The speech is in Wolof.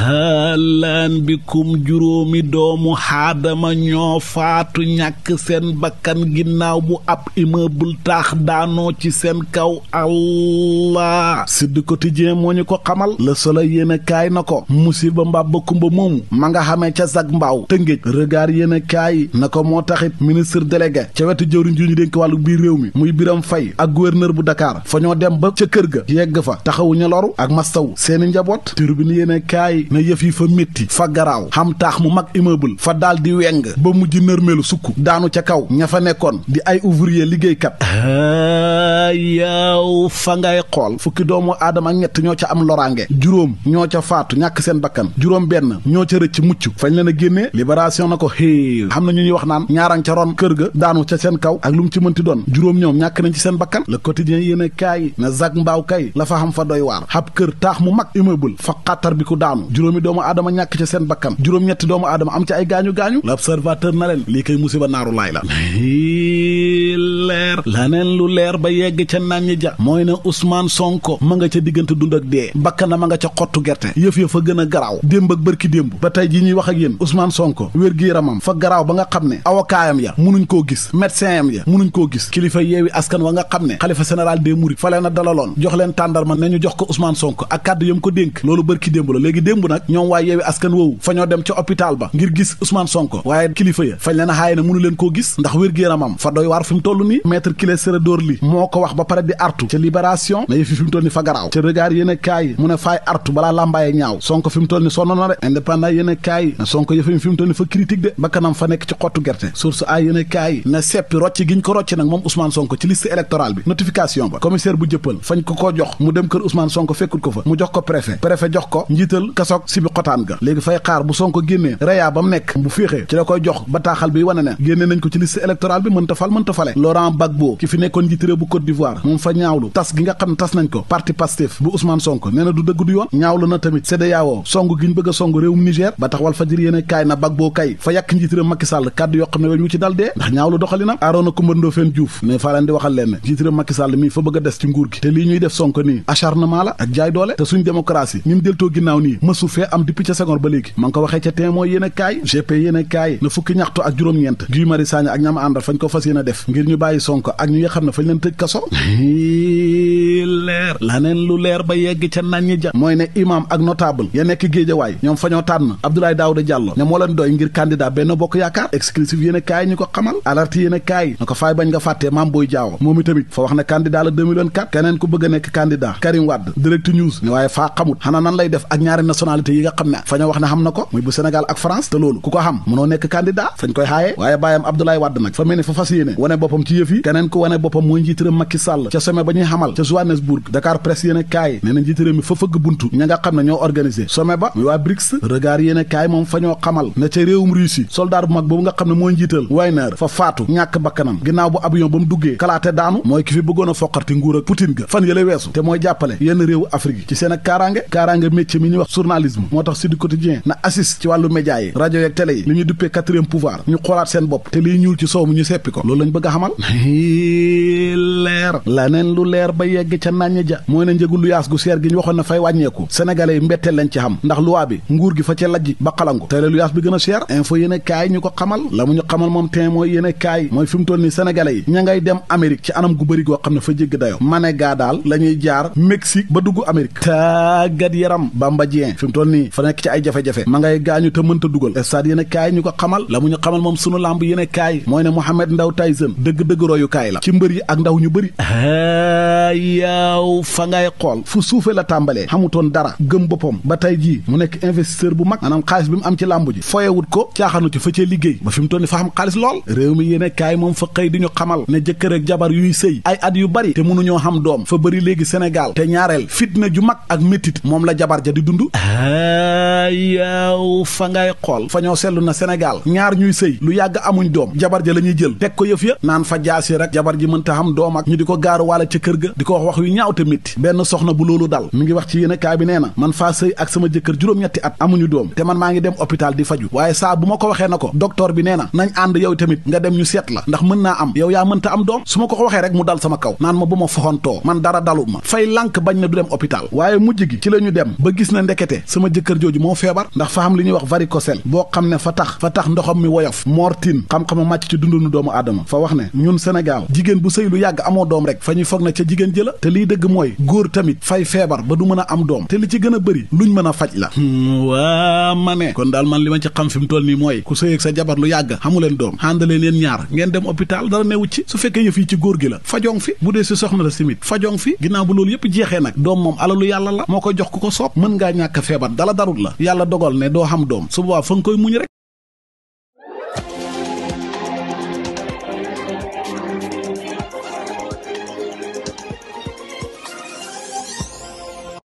aha laan bikum juróomi doomu xaadama ñoo faatu ñàkk seen bakkan ginnaaw bu ab bul taax daanoo ci seen kaw allah Sud Quotidien moo ñu ko xamal la Soleil yéen a kaay na ko musiba mbàbba kumba moomu ma nga xamee ca zag mbaaw tëngéej regard yéen kaay na ko moo taxit ministre délégué ca wetu jëwriñ ju ñu dénk wàllu biir réew mi muy Biram Fay ak gouverneur bu dakaar fa ñoo dem ba ca kër ga yegg fa taxawu ñu loru ak mastaw seeni njaboot turbine yéen fa métti fa garaaw xam taax mu mag immeuble fa daal di weng ba mujj nërmelu sukk daanu ca kaw ña fa nekkoon di ay ouvrier liggéeykat yaaw fa ngay xool fukki doomu aadama ak ñett ñoo ca am loraange juróom ñoo ca faatu ñàkk seen bakkan juróom benn ñoo ca rëcc mucc fañ leen a génnee libération na ko xéew xam na ñu ñuy wax naan ñaaraan ca ron kër ga daanu ca seen kaw ak lu mu ci mënti doon juróom ñoom ñàkk nañ ci seen bakkan le quotidien yéen kaay na zag mbaaw kay la fa xam fa doy mu mag immeuble aadama ñàkk ca seen bakkan juróom-ñetti doomu aadama am ci ay gaañu-gaañu l'observateur na leen lii kay musiba naaru laay la leer laneen lu leer ba yegg ca nañ ja mooy ne Ousmane Sonko ma nga ca diggante dund ak dee bakkana ma nga ca xottu gerte yëf yëf a gën a garaaw démb ak bërki démb ba tey ji ñuy wax ak yéen Ousmane Sonko wér gi yaramam fa garaaw ba nga xam ne awokaayam ya munuñ koo gis médecin yam ya munuñ koo gis kilifa yeewi askan wa nga xam ne xalifa général des mourides fa leen a dalaloon jox leen tàndarma ne ñu jox ko usmaan Sonko ak kàddu yam ko dénk loolu bërki démb la léegi démb nag ñoom waa yeewi askan woowu fa ñoo dem ca hôpital ba ngir gis Ousmane Sonko waaye kilifa ya fañ leen leen koo gi yaramam fa doy ni maître Ciré Clédor moo ko wax ba pare di artu ca libération na yëfi fi mu ni fa garaaw ca regard yéen a mu ne faay artu balaa làmbaaye ñaaw Sonko fi mu ni sonn de indépendant yéen a na Sonko yëfam fi mu ni fa critique de ba kanam fa nekk ci xottu gerte source a yéen a kaay na seppi rocc giñ ko rocc nag moom Ousmane Sonko ci liste électorale bi notification ba commissaire bu jëppal fañ ko koo jox mu dem kër Ousmane Laurent Gbagbo ki fi nekkoon njiit bu Côte d'Ivoire moom fa ñaawlu tas gi nga xam ne tas nañ ko parti Pastef bu Ousmane Sonko nee du dëgg du yoon ñaawlu na tamit CEDEAO song gi ñu bëgg a song réewum Niger ba tax Walfadjri yéene kaay na Gbagbo kay fa yàq njiit réew Macky Sall kàddu ci dal dee ndax ñaawlu doxalinam Arona Coumba Ndoffène Diouf ne faa leen di waxal leen njiit mii fa bëgg a des ci nguur gi te lii ñuy def bàyyi Sonko ak a ñu ko xam ne fa wax ne xam na ko muy bu Sénégal ak France te loolu ku ko xam mënoo nekk candidat fañ koy xaayee waaye bàyyam Abdoulaye Wade nag fa mel ni fa fas yéene wane boppam ci yëf yi keneen ku wane boppam mooy njiit réew Macky Sall ca sommet ba ñuy xamal ca Johannesburg Dakar Press yéen a kaay mi fa fëgg buntu ña nga xam ne ñoo organisé sommet ba muy waa BRICS regard yéen moom fa ñoo xamal na ca réewum Russie soldat bu mag boobu nga xam ne mooy njiital Wagner fa faatu ñàkk bakkanam ginnaaw bu avion ba mu duggee kalaate daanu mooy ki fi bëggoon foqarti nguur ak Poutine ga fan yële weesu te mooy jàppale yenn réewu leer laneen lu leer ba yegg ca nàññ ja mooy ne njëgu lu yaas gu seer gi ñu waxoon na fay wàññeeku sénégalais yi mbetteel lañ ci xam ndax luwaa bi nguur gi fa ca lajj ba xalangu tey la lu yaas bi gën a seer info yéen kaay ñu ko xamal la mu ñu xamal moom teen mooy yéen kaay mooy fi mu toll nii sénégalais yi ña ngay dem amérique ci anam gu bëri goo xam ne fa jégg dayo mané gaa daal la ñuy jaar mexique ba dugg amérique tàggat yaram Bamba Dieng fi mu toll nii fa nekk ci ay jafe-jafe ma ngay gaañu te mënta dugal stade yéen kaay ñu ko xamal la mu ñu moom sunu lamb yéen kaay mooy ne Mohamed Ndaw Tyson dëgg-dëgg dëgg royukaay la ci mbër yi ak ndaw ñu bëri yaaw fa ngay xool fu suufee la tàmbalee xamutoon dara gëm boppam ba tey jii mu nekk investisseur bu mag maanaam xaalis bi mu am ci làmb ji foyewut ko caaxaanu ci fa cee liggéey ba fi mu toll ni fa xam xaalis lool réew mi yéene kaay moom fa xëy di ñu xamal ne jëkkër ak jabar yuy sëy ay at yu bari te mënuñoo xam doom fa bari léegi Sénégal te ñaareel fitna ju mag ak méttit moom la jabar ja di dund yaaw fa ngay xool fa ñoo jaasi rek jabar ji mënta xam doom ak ñu di ko gaaru waala ca kër ga di ko wax wax yu ñaaw te métti benn soxna bu loolu dal mi ngi wax ci yéen kaay bi nee na man faa sëy ak sama jëkkër juróom-ñetti at amuñu doom te man maa ngi dem hôpital di faju waaye saa bu ma ko waxee na ko docteur bi nee na nañ ànd yow tamit nga dem ñu seet la ndax mën naa am yow yaa mënta am doom su ma ko ko waxee rek mu dal sama kaw naan ma bu ma foxantoo man dara dalu ma fay lànk bañ na du dem hôpital waaye mujj gi ci la ñu dem ba gis na ndekete sama jëkkër jooju moo feebar ndax fa am li ñuy wax varicocèle boo xam ne fa tax fa tax ndoxam mi woyof mortin xam-xama màcc dundunu doomu aadama fa wax ne Sénégal jigéen bu sëy lu yàgg amoo doom rek fa ñuy foog na ca jigéen ji la te liy dëgg mooy góor tamit fay feebar ba du mën a am doom te li ci gën a bëri ñu mën a faj la hmm, waa ma ne kon daal man li ma ci xam fi mu toll nii mooy ku sëy ak sa jabar lu yàgg xamuleen doom xàndalee leen ñaar ngeen dem hôpital dara newu ci su fekkee yëf yi ci góor gi la fajong fi bu dee si soxna la simit fajong fi ginnaaw bu loolu yëpp jeexee nag doom moom alalu yàlla la moo koy jox ku ko soob mën ñàkk feebar dala darut la yàlla dogal ne doo xam doom su boobaa fa nga koy muñ